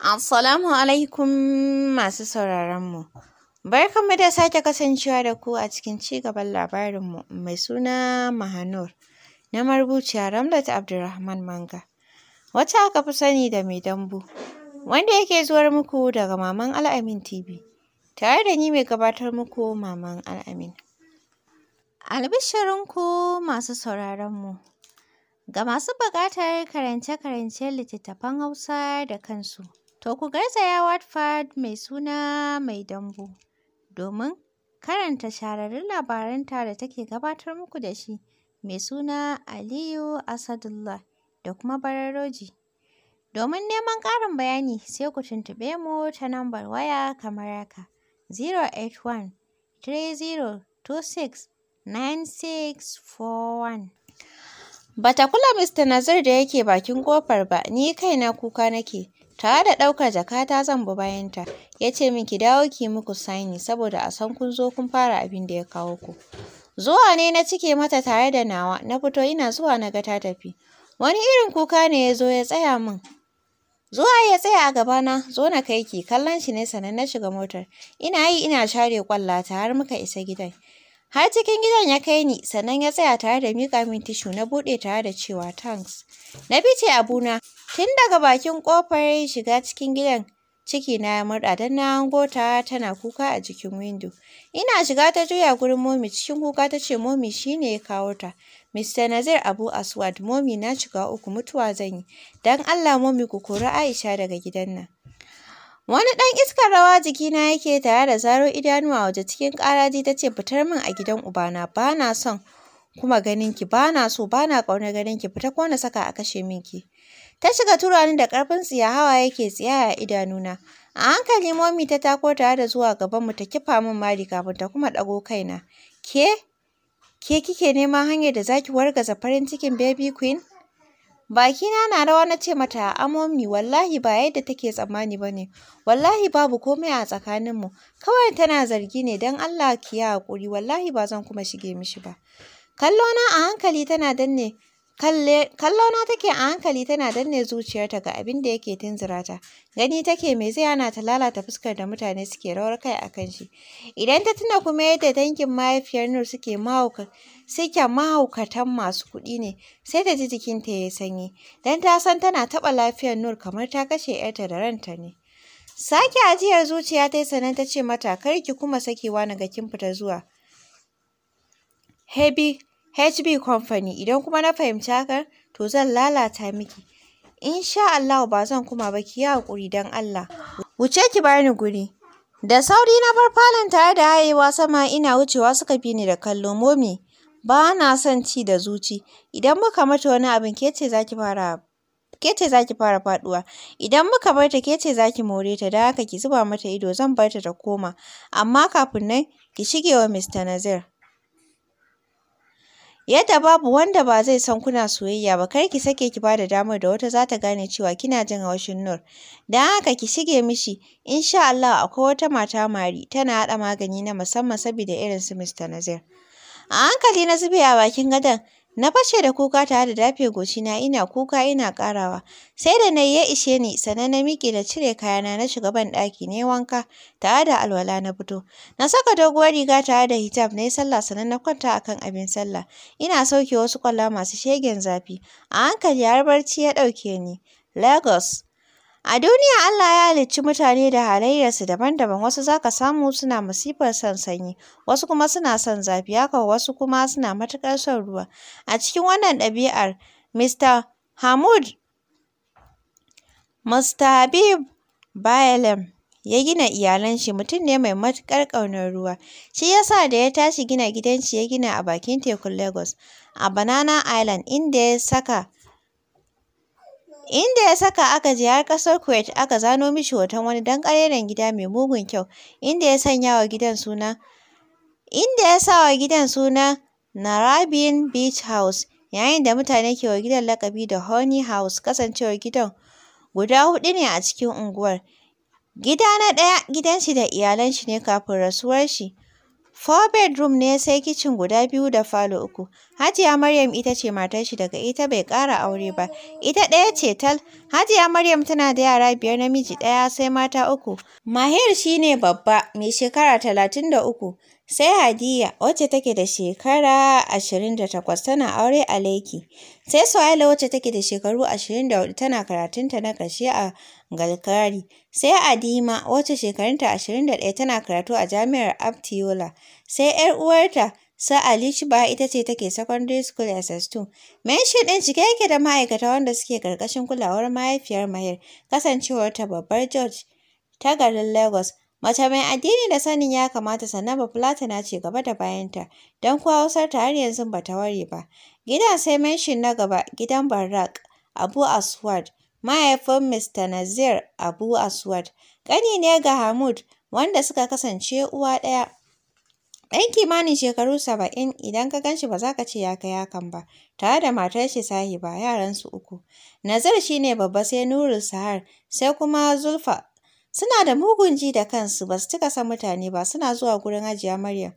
Assalamu alaikum masu sauraronmu. Barkanmu da sake kasancewa da ku a cikin ci gaban labarinmu mai suna Mahanur na marubuciya Ramlat Abdulrahman Manga. Wata aka fi sani da mai dambu, wanda yake zuwar muku daga Maman Al'amin TV, tare da ni mai gabatar muku Maman Al'amin. Albishirinku masu sauraronmu. Ga masu buƙatar karance-karancen littattafan Hausa da kansu. To ku garzaya Watford mai suna Mai Dambu domin karanta shahararrun labaranta da take gabatar muku da shi mai suna Aliyu Asadullah da kuma Bararoji. Domin neman ƙarin bayani sai ku tuntuɓe mu ta nambar waya kamar yaka 081 3026 9641. Bata kula Mr. Nazir da yake bakin kofar ba, ni kai na kuka nake. Tare da ɗaukar jakata zan bi bayanta, ya ce min ki dawo ki muku saini saboda a san kun zo kun fara abin da ya kawo ku. Zuwa ne na cike mata tare da nawa, na fito ina zuwa na ga ta tafi. Wani irin kuka ne ya zo ya tsaya min. Zuwa ya tsaya a gabana, zo na kai ki, kallon shi ne sannan na shiga motar. Ina yi ina share kwalla ta har muka isa gidan. Har cikin gidan ya kai ni, sannan ya tsaya tare da miƙa min tishu na buɗe tare da cewa thanks. Na bice abuna, Tun daga bakin ƙofar ya shiga cikin gidan ciki na ya murɗa don na hango ta tana kuka a jikin windo. Ina shiga ta juya gurin momi cikin kuka ta ce momi shi ne ya kawo ta. Mr. Nazir Abu Aswad momi na shiga uku mutuwa zan yi. Don Allah momi ku kori Aisha daga gidan nan. Wani ɗan iskar rawa jikina yake tare da zaro idanuwa waje cikin ƙaraji ta ce fitar min a gidan ubana ba na son kuma ganin ki ba na so ba na ƙaunar ganin ki fita ko na saka a kashe min ki. Ta shiga turani da ƙarfin tsiya hawa yake tsiya a idanuna. A hankali momi ta tako tare da zuwa gabanmu ta kifa min mari kafin ta kuma ɗago kaina. Ke? Ke kike neman hanyar da zaki wargaza farin cikin baby queen? Bakina na rawa na ce mata a momi wallahi ba yadda take tsammani ba ne. Wallahi babu komai a tsakaninmu. Kawai tana zargi ne don Allah ki yi haƙuri wallahi ba zan kuma shige mishi ba. Kallona a hankali tana danne Kallona take a hankali tana danne zuciyarta ga abin da yake tunzura ta. Gani take mai zai hana ta lalata fuskar da mutane suke rawar kai a kan shi. Idan ta tuna kuma yadda dangin mahaifiyar Nur suke mahaukatan masu kuɗi ne, sai ta ji jikinta ya sanyi. Dan ta san tana taɓa lafiyar Nur kamar ta kashe 'yarta da ranta ne. Sake ajiyar zuciya ta yi sannan ta ce mata kar ki kuma sakewa na ga kin fita zuwa. Hebi HB Company idan kuma na fahimci hakan to zan lalata miki. sha Allah ba zan kuma ba ki yi haƙuri don Allah. Wuce ki bani guri. Da sauri na bar falon tare da hayewa sama ina wucewa suka bi ni da kallo momi. Ba na son ci da zuci. Idan muka mata wani abin ke ce za ki fara ke za fara faɗuwa idan muka bar ta ke ce za ki more ta da haka ki zuba mata ido zan bar ta ta koma amma kafin nan ki shige wa Mr. Nazir. Yadda babu wanda ba zai san kuna soyayya ba, kar ki sake ki bada damar da wata za ta gane cewa kina jin haushin Nur. dan haka ki shige mishi, insha Allah akwai wata mata mari tana haɗa magani na musamman saboda irin su Mr. Nazir. A hankali na zube a bakin gadon, Na fashe da kuka tare da dafe gocina ina kuka ina karawa. Sai da na ya ishe ni sannan na miƙe da cire kayana na shiga ban ɗaki ne wanka tare da alwala na fito. Na saka doguwar riga tare da hijab na yi sallah sanan na kwanta akan abin sallah. Ina sauke wasu kwalla masu shegen zafi. A hankali har barci ya ɗauke ni. Lagos. A duniya Allah ya halicci mutane da halayyarsu daban-daban, wasu za ka samu suna masifar son sanyi, wasu kuma suna son zafi, haka wasu kuma suna matuƙar son ruwa. A cikin wannan ɗabi'ar, Mr. hamud Mr. Habib Bayelem ya gina iyalan shi mutum ne mai matuƙar ƙaunar ruwa. Shi ya sa da ya tashi gina gidan shi ya gina a bakin tekun Lagos, a Banana Island, inda ya saka inda ya saka aka je har ƙasar Kuwait aka zano mishi hoton wani dan danƙararren gida mai mugun kyau inda ya sanya wa gidan suna inda ya sa wa gidan suna Narabin Beach House yayin da mutane ke wa gidan lakabi da Honey House kasancewar gidan guda hudu ne a cikin unguwar. Gida na ɗaya gidan shi da iyalan shi ne kafin rasuwar shi Four bedroom ne sai kicin guda biyu da falo uku. Hajiya Maryam ita ce matar shi daga ita bai ƙara aure ba. Ita ɗaya ce tal. Hajiya Maryam tana da yara biyar namiji ɗaya sai mata uku. Mahir shi ne babba mai shekara talatin da uku. Sai Hadiya wacce take da shekara 28 tana aure a Lekki. Sai Suhaila wacce take da shekaru 24 tana karatunta na ƙarshe a Galkari. Sai Adima wacce shekarunta 21 tana karatu a Jami'ar Abtiola. Sai 'yar uwarta Ali Shiba ita ce take secondary school SS2. Mention ɗin cike yake da ma'aikata wanda suke ƙarƙashin kulawar mahaifiyar Mahir, kasancewar ta babbar George ta garin Lagos. Mace mai addini da sanin ya kamata sannan na ce gaba da bayanta, don kuwa wasarta har yanzu ba ta ware ba. Gidan sai menshin na gaba gidan Barak Abu Aswad, mahaifin Mr. Nazir Abu Aswad, ƙani ne ga Hamud wanda suka kasance uwa ɗaya. Ɗan kimanin shekaru saba'in idan ka ganshi ba za ka ce ya kai hakan ba, tare da matar shi sahiba yaransu uku. Nazir shi ne babba sai nurin Sahar sai kuma Zulfa Suna da mugun ji da kansu ba su cika san mutane ba suna zuwa gurin ajiya Maryam.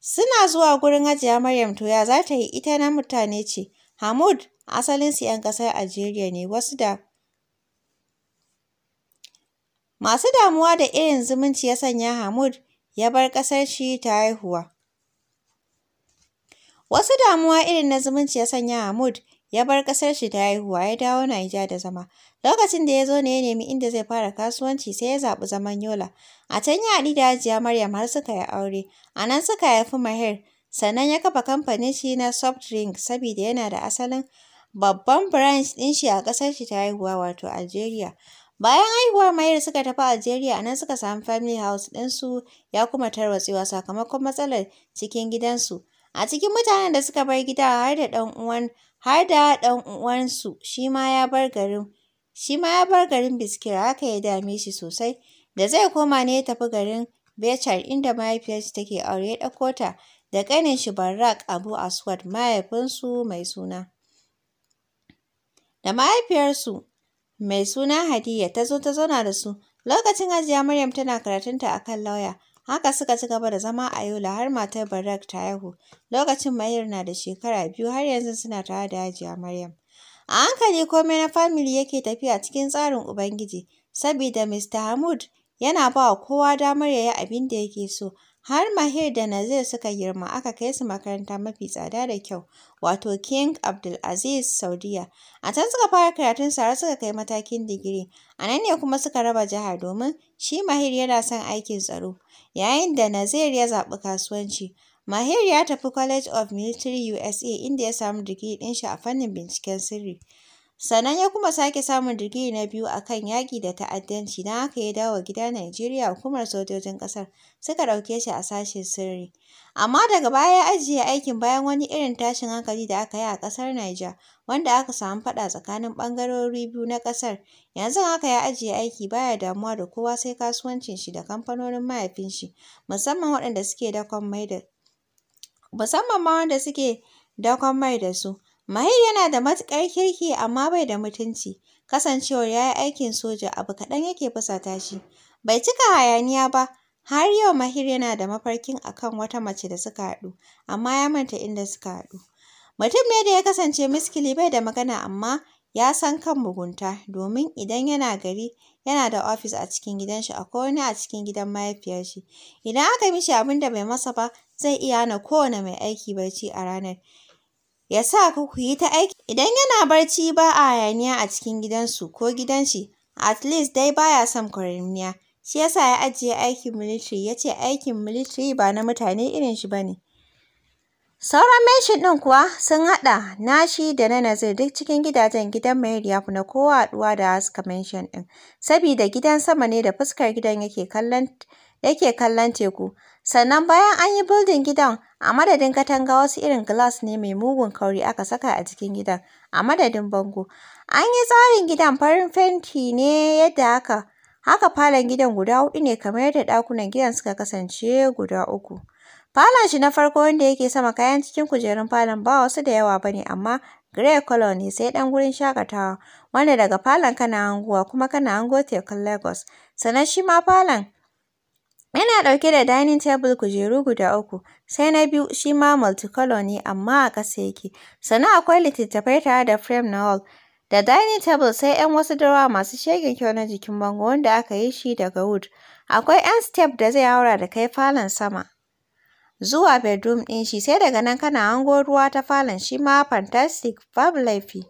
Suna zuwa gurin ajiya Maryam to ya za ta yi ita na mutane ce. Hamud asalinsu 'yan kasar Algeria ne wasu da Masu damuwa da irin zumunci ya sanya Hamud ya bar kasar shi ta haihuwa. Wasu damuwa irin na zumunci ya sanya Hamud ya bar ƙasar shi ta haihuwa ya dawo Naija da zama. Lokacin da ya zo ne ya nemi inda zai fara kasuwanci sai ya zaɓi zaman Yola. A can ya haɗu da Hajiya Maryam har suka yi aure. A nan suka haifi Maher. Sannan ya kafa kamfanin shi na soft drink saboda yana da asalin babban branch ɗin shi a ƙasar shi ta haihuwa wato Algeria. Bayan haihuwar mahir suka tafi Algeria a nan suka samu family house ɗinsu ya kuma tarwatsewa sakamakon matsalar cikin gidansu. A cikin mutanen da suka bar gida har da ɗan uwan har da ɗan uwansu shi ma ya bar garin shi ma ya bar garin Biskira haka ya dame shi sosai da zai koma ne ya tafi garin Bechar inda mahaifiyarsu take aure ya ɗauko ta da ƙanin shi Barak Abu Aswad mahaifinsu mai suna da mahaifiyarsu mai suna Hadiya ta zo ta zauna da su lokacin Hajiya Maryam tana karatunta akan lauya Haka suka ci gaba da zama a Yola har matar Barak ta haihu. Lokacin mayar na da shekara biyu har yanzu suna tare da Hajiya Maryam. A hankali komai na famili yake tafiya cikin tsarin Ubangiji, saboda Mr. Hamud yana ba wa kowa damar ya yi abin da yake so, Har Mahir da Nazir suka girma aka kai su makaranta mafi tsada da kyau, wato King Abdulaziz Saudiyya. A can suka fara karatun sara suka kai matakin digiri. A nan ne kuma suka raba jihar domin shi Mahir yana son aikin tsaro, yayin da Nazir ya zaɓi kasuwanci. Mahir ya tafi College of Military USA inda ya samu digiri ɗinshi a fannin binciken sirri. Sannan ya kuma sake samun digiri na biyu a kan yaƙi da ta'addanci don haka ya dawo gida Najeriya hukumar sojojin ƙasar suka ɗauke shi a sashen sirri. Amma daga baya ya ajiye aikin bayan wani irin tashin hankali da aka yi a ƙasar Niger wanda aka samu faɗa tsakanin ɓangarori biyu na ƙasar. Yanzu haka ya ajiye aiki baya damuwa da kowa sai kasuwancin shi da kamfanonin mahaifin shi musamman waɗanda musamman ma wanda suke dakon mai da su. Mahir yana da matuƙar kirki amma bai da mutunci, kasancewar ya yi aikin soja abu kaɗan yake fusata shi. Bai cika hayaniya ba, har yau Mahir yana da mafarkin a kan wata mace da suka haɗu, amma ya manta inda suka haɗu. Mutum ne da ya kasance miskili bai da magana amma ya san kan mugunta, domin idan yana gari yana da ofis a cikin gidanshi akwai wani a cikin gidan mahaifiyar shi. Idan aka mishi abin da bai masa ba zai iya hana kowane mai aiki barci a ranar. ya sa ku ku yi ta aiki. Idan yana barci ba a hayaniya a cikin gidansu ko gidan shi, at least dai baya son kwaramniya. Shi yasa ya ajiye aikin military ya ce aikin military ba na mutane irin shi ba ne. Sauran mention ɗin kuwa sun haɗa nashi da na Nazir duk cikin gidajen gidan Mayar ya na kowa haduwa da haska mention ɗin. Sabida gidan sama ne da fuskar gidan yake kallon yake kallon teku. Sannan bayan an yi bildin gidan, a madadin katanga wasu irin glass ne mai mugun kauri aka saka a cikin gidan, a madadin bango. An yi tsarin gidan farin fenti ne yadda haka. Haka falon gidan guda hudu ne kamar yadda ɗakunan gidan suka kasance guda uku. Falon shi na farko wanda yake sama kayan cikin kujerun falon ba wasu da yawa bane, amma grey color ne sai dan gurin shakatawa wanda daga falon kana hanguwa kuma kana hango tekun Lagos. Sannan shi ma falon Yana ɗauke da dining table kujeru guda uku, sai na biyu shi ma multicolor ne amma a ƙasa yake, sannan akwai littattafai tare da frame na wall. Da dining table sai 'yan wasu drawer masu shegen kyau na jikin bango wanda aka yi shi daga wood. Akwai 'yan step da zai haura da kai falon sama. Zuwa bedroom ɗin shi sai daga nan kana hango ruwa ta falon shi ma fantastic babu laifi.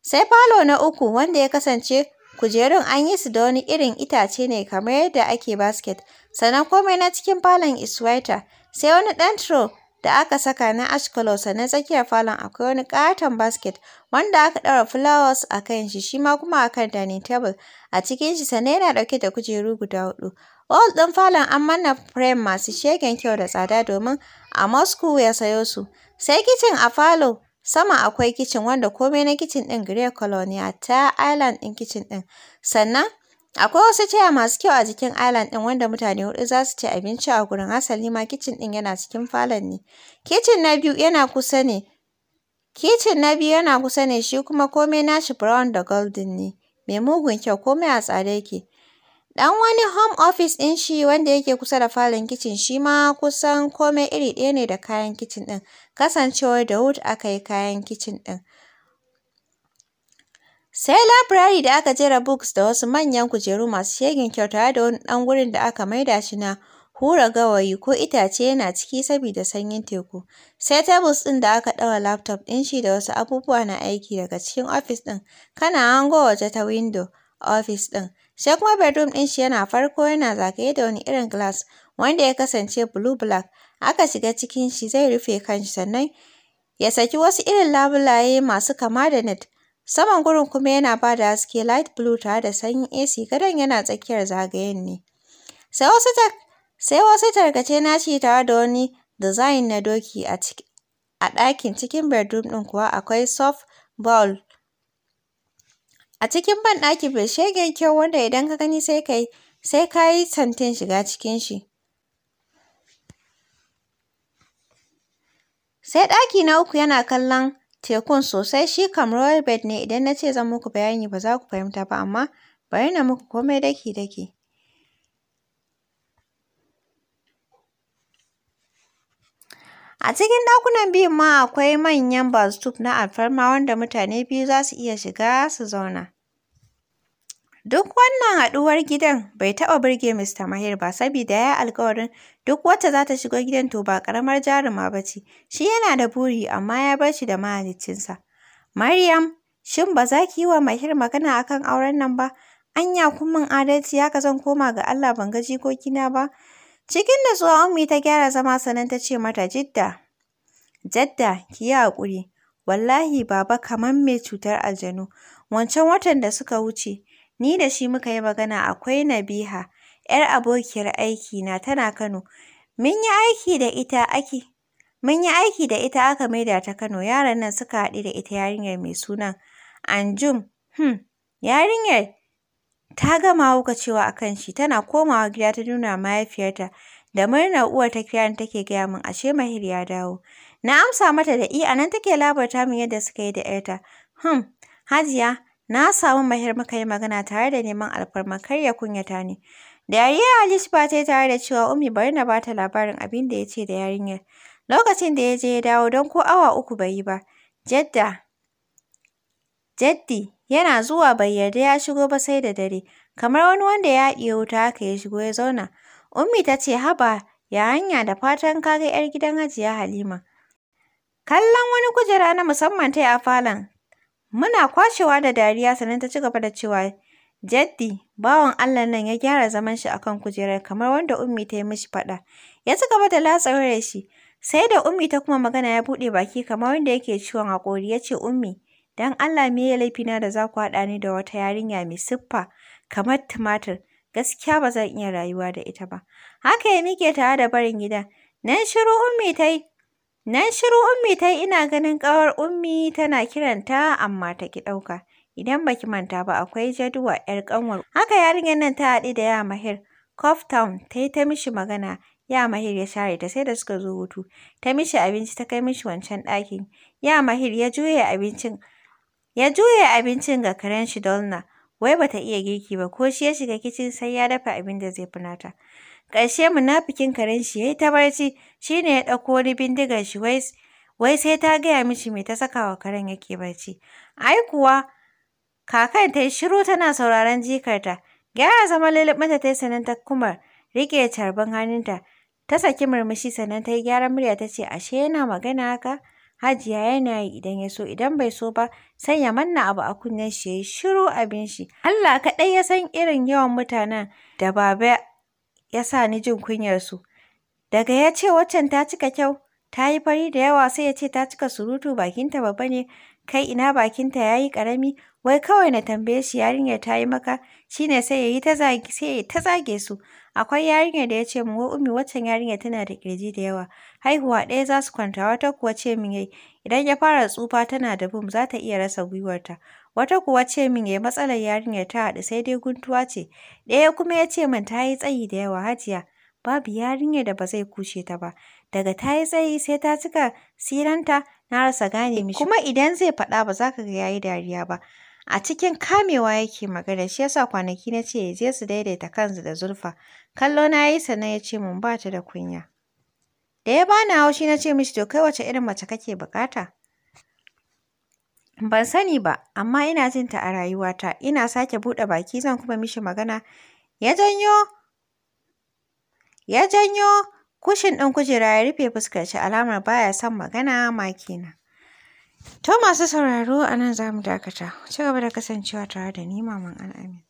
Sai falo na uku wanda ya kasance Kujerun an yi su da wani irin itace ne kamar yadda ake basket, sannan komai na cikin falon iswaita. sai wani ɗan tro da aka saka na ash sannan tsakiyar falon akwai wani katon basket wanda aka ɗaura flowers a kan shi, shi ma kuma a kan dining table. A cikin shi sannan yana ɗauke da kujeru guda huɗu. Wall ɗin falon an manna frame masu shegen kyau da tsada domin a Moscow ya sayo su. Sai kicin a falo Sama akwai kicin wanda komai na kicin ɗin grey colour ne island ɗin kicin ɗin. Sannan akwai wasu taya masu kyau a jikin island ɗin wanda mutane hudu za su ci abinci a gurin. asali ma kicin ɗin yana cikin falon ne. Kicin na biyu yana kusa ne. Kicin na biyu yana kusa ne shi kuma komai nashi brown da golden ne. Mai mugun kyau komai a tsare yake. Ɗan wani home office ɗin shi wanda yake kusa da falon kicin shi ma kusan komai iri ɗaya ne da kayan kicin ɗin, kasancewar da wood aka yi kayan kicin ɗin. Sai labirari da aka jera books da wasu manyan kujeru masu shegin kyau da wani ɗan gurin da aka maida shi na hura gawayi ko itace yana ciki sabida sanyin teku. Sai tables ɗin da aka ɗaura laptop ɗin shi da wasu abubuwa na aiki daga cikin ofis ɗin, kana hango waje ta window ofis ɗin. Sai kuma bedroom ɗin shi yana farko yana zagaye da wani irin glass wanda ya kasance blue black. Aka shiga cikin shi zai rufe kanshi sannan ya saki wasu irin labulaye masu kama da net. Saman gurin kuma yana bada haske light blue tare da sanyin AC gadon yana tsakiyar zagayen ne. Sai wasu sai wasu tarkace naci tare da wani design na doki a ciki. A ɗakin cikin bedroom ɗin kuwa akwai soft bowl A cikin banɗaki, bai shegen kyau wanda idan ka gani sai ka yi sai ka yi santin shiga cikin shi. Sai ɗaki na uku yana kallon tekun sosai shi kam royal bed ne idan na ce zan muku bayani ba za ku fahimta ba amma bari na muku komai daki-daki. A cikin ɗakunan biyun ma akwai manyan bus na alfarma wanda mutane biyu za su iya shiga su zauna. Duk wannan haɗuwar gidan bai taɓa burge Mr. mahir ba saboda ya yi alƙawarin duk wacce za ta shigo gidan to ba ƙaramar jaruma ba ce. Shi yana da buri amma ya bar shi da mahaliccinsa. Maryam, shin ba za ki yi wa mahir magana a kan auren nan ba? Anya kun min adalci haka zan koma ga Allah ban ga jikokina ba? Cikin da natsuwa Ummi ta gyara zama sannan ta ce mata Jidda. Jadda ki yi haƙuri. Wallahi baba kamar mai cutar aljanu. Wancan watan da suka wuce Ni da shi muka yi magana akwai Nabiha, 'yar abokiyar aikina tana Kano. Mun yi aiki da ita aka maida ta Kano, yaran nan suka haɗe da ita yarinyar mai suna Anjum. Hmm. yarinyar ta gama wuka cewa akan shi, tana komawa gida ta nuna mahaifiyarta. Da murnar uwar ta kira ni take gaya min ashe Mahir ya dawo. Na amsa mata da i, a nan take labarta min yadda suka yi da 'yarta. Hmm. Hajiya Na samu Mahir muka yi magana tare da neman alfarma kar ya kunyata ni. Dariya Alice ba ta yi tare da cewa Ummi bari na ba ta labarin abin da ya da yarinyar. Lokacin da ya je ya dawo don ko awa uku bai yi ba. Jadda Jaddi yana zuwa bai yarda ya shigo ba sai da dare. Kamar wani wanda ya iya wuta haka ya shigo ya zauna. Ummi ta ce haba ya hanya da fatan ka ga 'yar gidan Hajiya Halima. Kallon wani kujera na musamman ta a falon Muna kwashewa da dariya sannan ta ci gaba da cewa, Jaddi, bawan Allah nan ya gyara zaman shi akan kujerar kamar wanda Ummi ta yi mishi faɗa. Ya ci gaba da latsa shi. Sai da Ummi ta kuma magana ya buɗe baki kamar wanda yake ciwon hakori ya ce Ummi, dan Allah me ya laifina da za ku haɗa ni da wata yarinya mai siffa kamar tumatir. Gaskiya ba zan iya rayuwa da ita ba. Haka ya mike tare da barin gida. Nan shiru Ummi ta yi, Nan shiru Ummi ta yi ina ganin ƙawar Ummi tana kiranta amma ta ki ɗauka. Idan ba ki manta ba akwai Jaduwa 'yar ƙanwar Haka yarinyar nan ta haɗu da ya Mahir. Cof ta yi ta mishi magana. Ya Mahir ya share ta sai da suka zo hutu. Ta mishi abinci ta kai mishi wancan ɗakin. Ya Mahir ya juya abincin. Ya juye abincin ga karen shi Dolna. Wai bata iya girki ba ko shi ya shiga kicin sai ya dafa abin da zai fi nata. Ƙarshe munafikin karen shi ya yi ta barci shi ne ya ɗauko wani bindigar shi wai sai ta gaya mishi mai ta saka wa karen yake barci. Ai kuwa kakan ta yi shiru tana sauraron jikarta. Gyara zama lulluɓinta ta yi sanin ta kuma riƙe carbin hannunta. Ta saki murmushi sannan ta yi gyaran murya ta ce ashe yana magana haka. Hajiya yana yi idan ya so idan bai so ba sai ya manna abu a kunnen shi ya yi shiru abin shi. Allah kaɗai ya san irin yawan mutanen da ba ya sa ni jin kunyarsu. Daga ya ce waccan ta cika kyau, ta yi fari da yawa sai ya ce ta cika surutu bakinta babba ne, kai ina bakinta ya yi ƙarami, wai kawai na tambaye shi yarinyar ta yi maka, shi ne sai ya yi ta zage, su. Akwai yarinyar da ya ce min wa ummi waccan yarinyar tana da ƙirji da yawa, haihuwa ɗaya za su kwanta wata kuwa ce min yai. idan ya fara tsufa tana da bum za ta iya rasa gwiwarta. wata kuwa ce min ya matsalar yarinyar ta haɗu sai dai guntuwa ce, ɗaya kuma ya ce min ta yi tsayi da yawa hajiya, babu yarinyar da ba zai kushe ta ba, daga ta yi tsayi sai ta cika siranta na rasa gane mishi. Kuma idan zai faɗa ba za ka ga ya yi dariya ba. A cikin kamewa yake magana shi yasa kwanaki na ce ya je su daidaita kansu da zurfa. Kallo na yi sannan ya ce mun ba ta da kunya. Da ya bani haushi na ce mishi to kai wace irin mace kake bukata? Ban sani ba, amma ina jin ta a rayuwata, ina sake buɗe baki zan kuma mishi magana, ya janyo ya janyo kushin ɗin kujera ya rufe fuskar shi alamar baya son magana ma To masu sauraro a nan za mu dakata, ci gaba da kasancewa tare da ni Maman Al'amin.